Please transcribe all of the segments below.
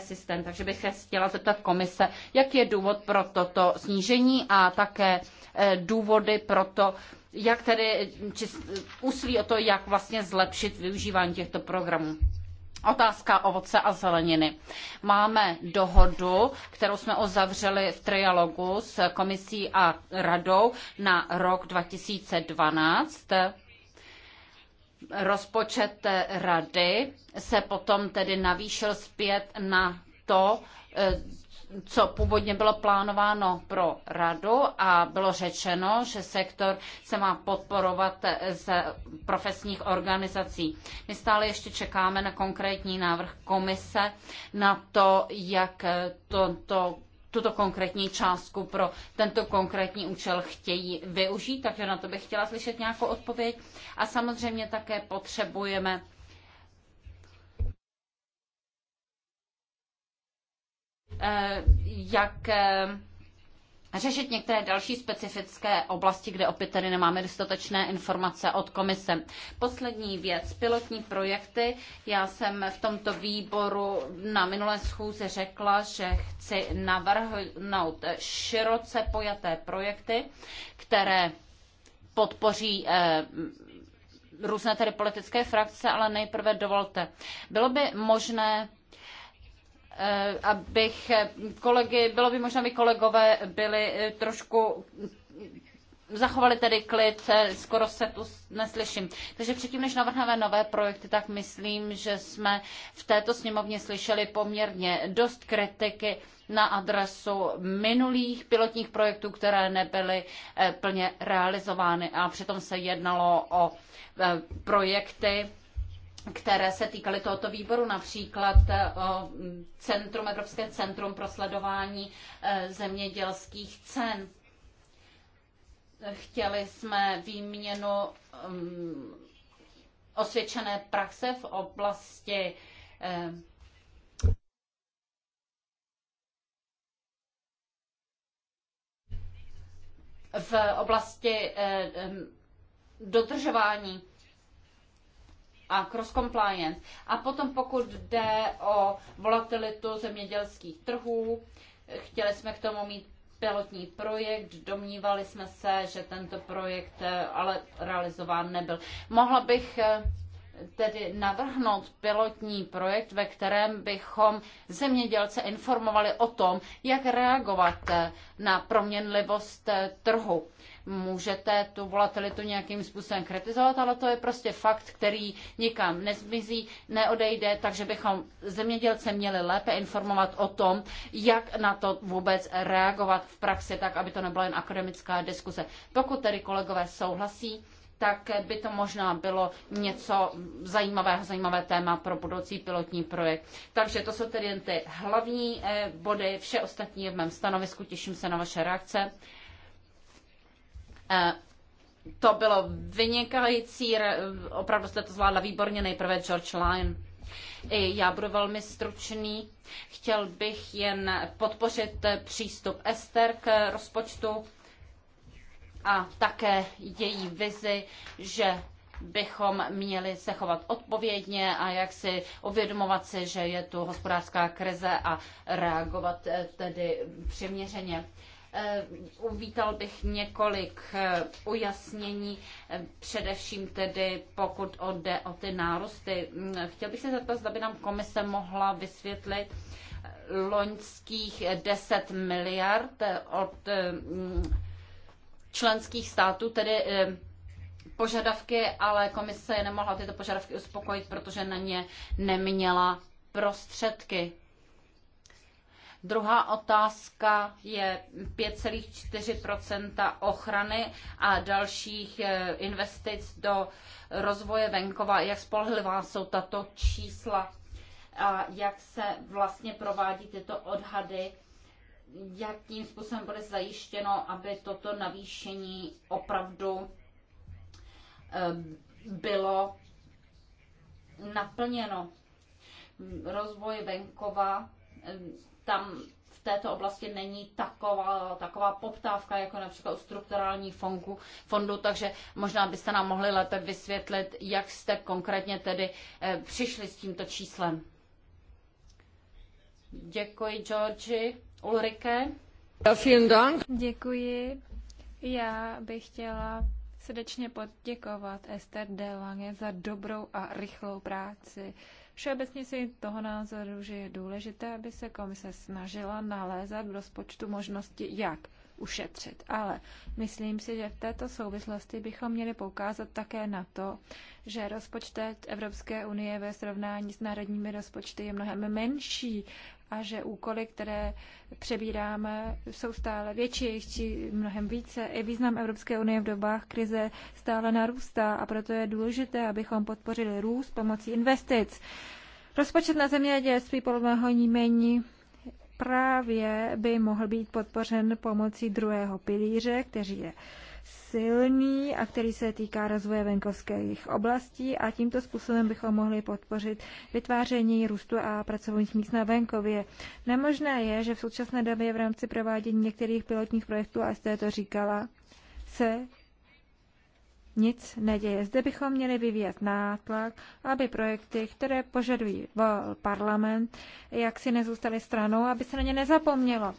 systém. Takže bych se chtěla zeptat komise, jak je důvod pro toto snížení a také eh, důvody pro to, jak tedy či úsilí o to, jak vlastně zlepšit využívání těchto programů. Otázka ovoce a zeleniny. Máme dohodu, kterou jsme uzavřeli v trialogu s komisí a radou na rok 2012 rozpočet rady se potom tedy navýšil zpět na to, eh, co původně bylo plánováno pro radu a bylo řečeno, že sektor se má podporovat eh, z profesních organizací. My stále ještě čekáme na konkrétní návrh komise, na to, jak toto eh, to tuto konkrétní částku pro tento konkrétní účel chtějí využít, takže na to bych chtěla slyšet nějakou odpověď. A samozřejmě také potřebujeme eh, jak eh, řešit některé další specifické oblasti, kde opět tady nemáme dostatečné informace od komise. Poslední věc, pilotní projekty. Já jsem v tomto výboru na minulé schůzi řekla, že chci navrhnout široce pojaté projekty, které podpoří eh, různé tedy politické frakce, ale nejprve dovolte. Bylo by možné Eh, abych eh, kolegy, bylo by možná, aby kolegové byli eh, trošku hm, zachovali tedy klid, skoro se tu neslyším. Takže předtím, než navrhneme nové projekty, tak myslím, že jsme v této sněmovně slyšeli poměrně dost kritiky na adresu minulých pilotních projektů, které nebyly plně realizovány a přitom se jednalo o projekty, které se týkaly tohoto výboru, například eh, mm, Centrum, Evropské centrum pro sledování eh, zemědělských cen. Chtěli jsme výměnu mm, osvědčené praxe v oblasti eh, v oblasti mm, dodržování a cross-compliance. A potom pokud jde o volatilitu zemědělských trhů, chtěli jsme k tomu mít pilotní projekt, domnívali jsme se, že tento projekt eh, ale realizován nebyl. Mohla bych eh, tedy navrhnout pilotní projekt, ve kterém bychom zemědělce informovali o tom, jak reagovat eh, na proměnlivost eh, trhu. Můžete tu volatilitu nějakým způsobem kritizovat, ale to je prostě fakt, který nikam nezmizí, neodejde, takže bychom zemědělce měli lépe informovat o tom, jak na to vůbec reagovat v praxi, tak aby to nebyla jen akademická diskuse. Pokud tedy kolegové souhlasí, tak by to možná bylo něco zajímavého, zajímavé téma pro budoucí pilotní projekt. Takže to jsou tedy jen ty hlavní eh, body, vše ostatní je v mém stanovisku, těším se na vaše reakce. Eh, to bylo vynikající, opravdu jste to zvládla výborně, nejprve George Lyon. I já budu velmi stručný. Chtěl bych jen podpořit eh, přístup Ester k rozpočtu a také její vizi, že bychom měli se chovat odpovědně a jak si uvědomovat si, že je tu hospodářská krize a reagovat eh, tedy přiměřeně. Eh, uvítal bych několik eh, ujasnění, především tedy pokud jde o ty nárůsty. Mm, chtěl bych se zeptat, zda by nám komise mohla vysvětlit loňských 10 miliard od mm, členských států, tedy eh, požadavky, ale komise nemohla tyto požadavky uspokojit, protože na ně neměla prostředky. Druhá otázka je 5,4 ochrany a dalších eh, investic do rozvoje venkova. Jak spolehlivá jsou tato čísla a jak se vlastně provádí tyto odhady jakým způsobem bude zajištěno, aby toto navýšení opravdu eh, bylo naplněno. Rozvoj venkova, eh, tam v této oblasti není taková, taková poptávka, jako například u strukturální fondu, fondu, takže možná byste nám mohli lépe vysvětlit, jak jste konkrétně tedy eh, přišli s tímto číslem. Děkuji, Georgi. Ulrike. Děkuji. Já bych chtěla srdečně poděkovat Esther de Lange za dobrou a rychlou práci. Všeobecně si toho názoru, že je důležité, aby se komise snažila nalézat v rozpočtu možnosti, jak ušetřit. Ale myslím si, že v této souvislosti bychom měli poukázat také na to, že rozpočet Evropské unie ve srovnání s národními rozpočty je mnohem menší a že úkoly, které přebíráme, jsou stále větší, ještě mnohem více. I význam Evropské unie v dobách krize stále narůstá a proto je důležité, abychom podpořili růst pomocí investic. Rozpočet na zemědělství podle mého nímení právě by mohl být podpořen pomocí druhého pilíře, který je silný a který se týká rozvoje venkovských oblastí a tímto způsobem bychom mohli podpořit vytváření růstu a pracovních míst na venkově. Nemožné je, že v současné době v rámci provádění některých pilotních projektů, a jste to říkala, se nic neděje. Zde bychom měli vyvíjet nátlak, aby projekty, které požadují parlament, jak si nezůstaly stranou, aby se na ně nezapomnělo.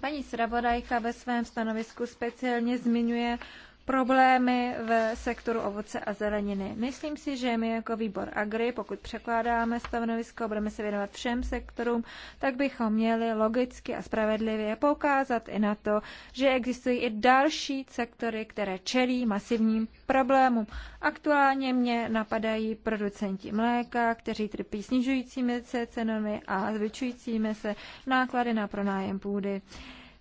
Paní Sravodajka ve svém stanovisku speciálně zmiňuje problémy v sektoru ovoce a zeleniny. Myslím si, že my jako výbor Agri, pokud překládáme stanovisko, budeme se věnovat všem sektorům, tak bychom měli logicky a spravedlivě poukázat i na to, že existují i další sektory, které čelí masivním problémům. Aktuálně mě napadají producenti mléka, kteří trpí snižujícími se cenami a zvyšujícími se náklady na pronájem půdy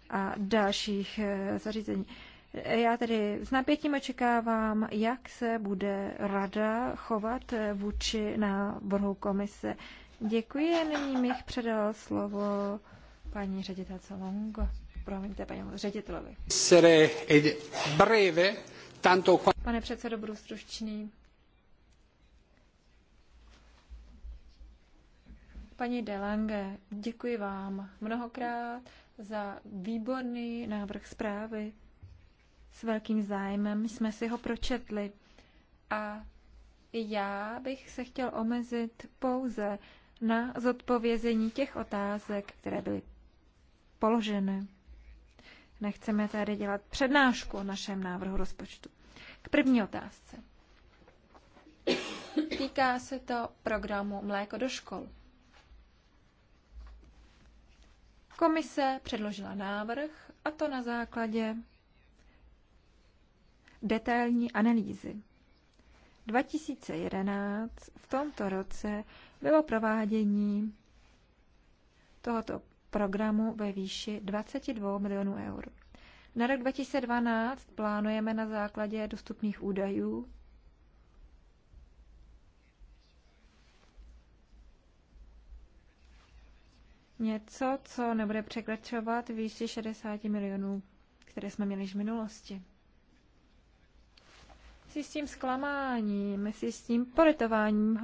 a dalších eh, zařízení. Já tedy s napětím očekávám, jak se bude rada chovat vůči návrhu komise. Děkuji, nyní bych předal slovo paní ředitelce Longo. Promiňte, paní ředitelovi. Pane předsedo, budu stručný. Paní Delange, děkuji vám mnohokrát za výborný návrh zprávy s velkým zájmem jsme si ho pročetli. A já bych se chtěl omezit pouze na zodpovězení těch otázek, které byly položeny. Nechceme tady dělat přednášku o našem návrhu rozpočtu. K první otázce. Týká se to programu Mléko do škol. Komise předložila návrh, a to na základě detailní analýzy. 2011 v tomto roce bylo provádění tohoto programu ve výši 22 milionů eur. Na rok 2012 plánujeme na základě dostupných údajů něco, co nebude překračovat výši 60 milionů, které jsme měli v minulosti si s tím zklamáním, si s tím politováním,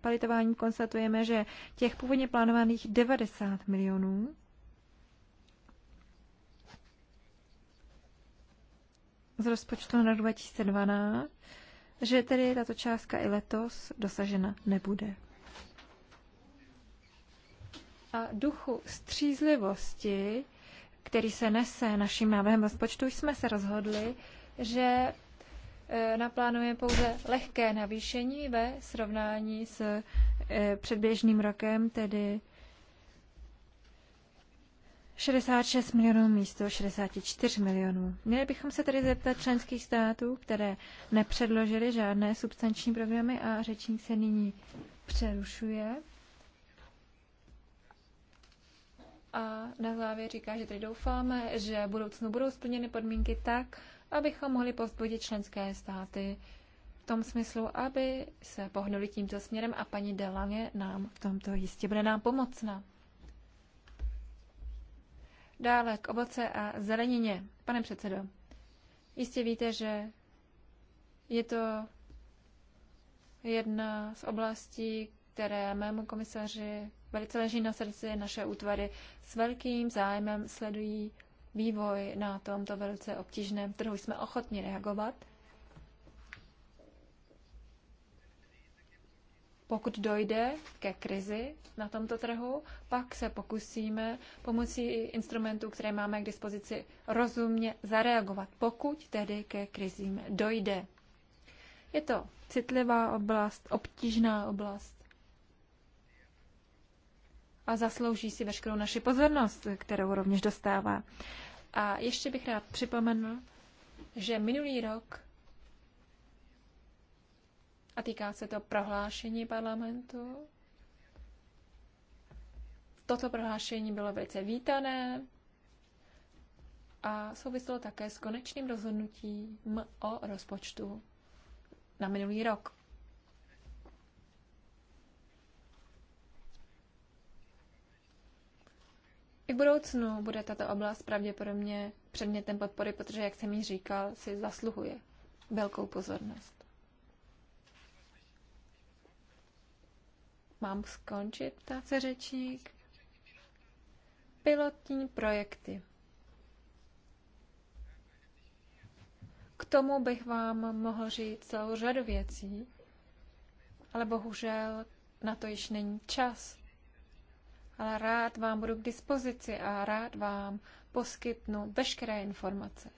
politováním konstatujeme, že těch původně plánovaných 90 milionů z rozpočtu na 2012, že tedy tato částka i letos dosažena nebude. A duchu střízlivosti, který se nese naším návrhem rozpočtu, jsme se rozhodli, že E, naplánuje pouze lehké navýšení ve srovnání s e, předběžným rokem, tedy 66 milionů místo 64 milionů. Měli bychom se tedy zeptat členských států, které nepředložily žádné substanční programy a řečník se nyní přerušuje. A na závěr říká, že tedy doufáme, že budoucnu budou splněny podmínky tak, abychom mohli povzbudit členské státy v tom smyslu, aby se pohnuli tímto směrem a paní Delange nám v tomto jistě bude nám pomocna. Dále k ovoce a zelenině. Pane předsedo, jistě víte, že je to jedna z oblastí, které mému komisaři velice leží na srdci. Naše útvary s velkým zájmem sledují vývoj na tomto velice obtížném trhu. Jsme ochotni reagovat, pokud dojde ke krizi na tomto trhu, pak se pokusíme pomocí instrumentů, které máme k dispozici, rozumně zareagovat, pokud tedy ke krizím dojde. Je to citlivá oblast, obtížná oblast a zaslouží si veškerou naši pozornost, kterou rovněž dostává. A ještě bych rád připomenul, že minulý rok, a týká se to prohlášení parlamentu, toto prohlášení bylo velice vítané a souviselo také s konečným rozhodnutím o rozpočtu na minulý rok. I v budoucnu bude tato oblast pravděpodobně předmětem podpory, protože, jak jsem již říkal, si zasluhuje velkou pozornost. Mám skončit, ptá se řečník. Pilotní projekty. K tomu bych vám mohl říct celou řadu věcí, ale bohužel na to již není čas ale rád vám budu k dispozici a rád vám poskytnu veškeré informace.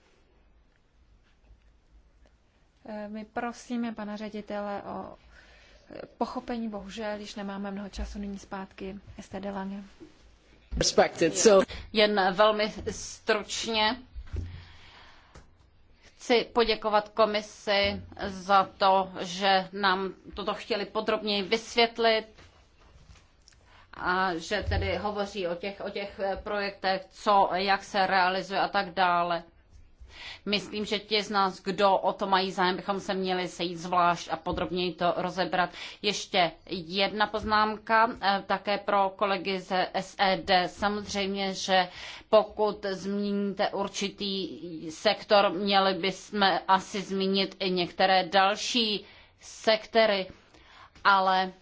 E, my prosíme pana ředitele o e, pochopení, bohužel, když nemáme mnoho času, nyní zpátky jste Delange. Jen velmi stručně chci poděkovat komisi za to, že nám toto chtěli podrobněji vysvětlit a že tedy hovoří o těch, o těch eh, projektech, co, jak se realizuje a tak dále. Myslím, že ti z nás, kdo o to mají zájem, bychom se měli sejít zvlášť a podrobněji to rozebrat. Ještě jedna poznámka, eh, také pro kolegy ze SED. Samozřejmě, že pokud zmíníte určitý sektor, měli bychom asi zmínit i některé další sektory, ale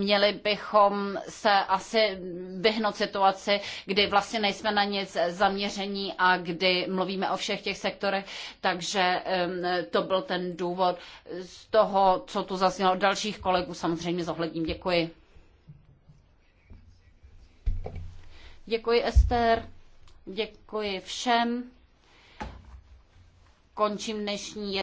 měli bychom se asi vyhnout situaci, kdy vlastně nejsme na nic zaměření a kdy mluvíme o všech těch sektorech, takže to byl ten důvod z toho, co tu zaznělo od dalších kolegů, samozřejmě zohledním. Děkuji. Děkuji Ester, děkuji všem. Končím dnešní